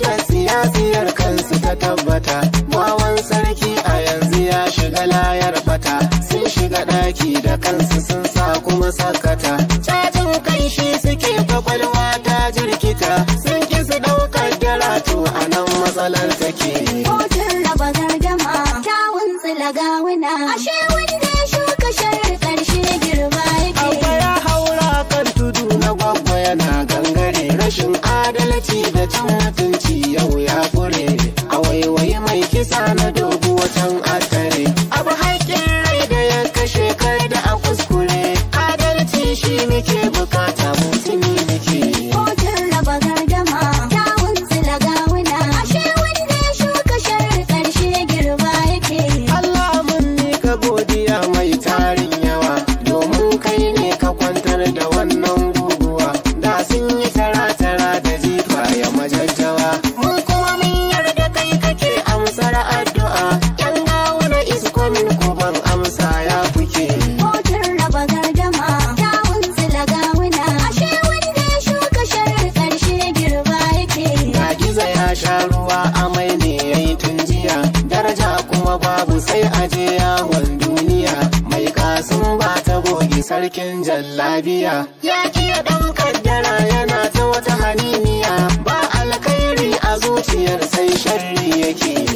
da siyasiyar kansu ta tabbata Bawan sarki a yanzu ya shiga layar fata sun shiga ɗaki da kansu sun sa kuma sakata cajin kai suke kwakwalwa ta jirkita sun ki su ɗaukar jaratu a nan matsalar take hotun raba gardama kyawun tsila gawuna ashe wanda ya shuka sharar ƙarshe girma yake akwai ya haura kan tudu na gwagwa yana gangare rashin adalci da cin mutunci wutan akare abu haƙƙin rai da ya kashe da a kuskure adalci shi muke bukata mutumi muke kotun raba gardama kyawun zila gawuna ashe wanda ya shuka sharri ƙarshe girba yake Allah mun ka godiya mai tarin yawa domin kai ne ka kwantar da wannan guguwa da sun yi sha ruwa amai ne yayi tun jiya daraja kuma babu sai aje yawon duniya mai kasin ba ta goge sarkin jallabiya ya iya ɗaukar kaddara yana ta wata haniniya ba alkhairi a zuciyar sai sharri yake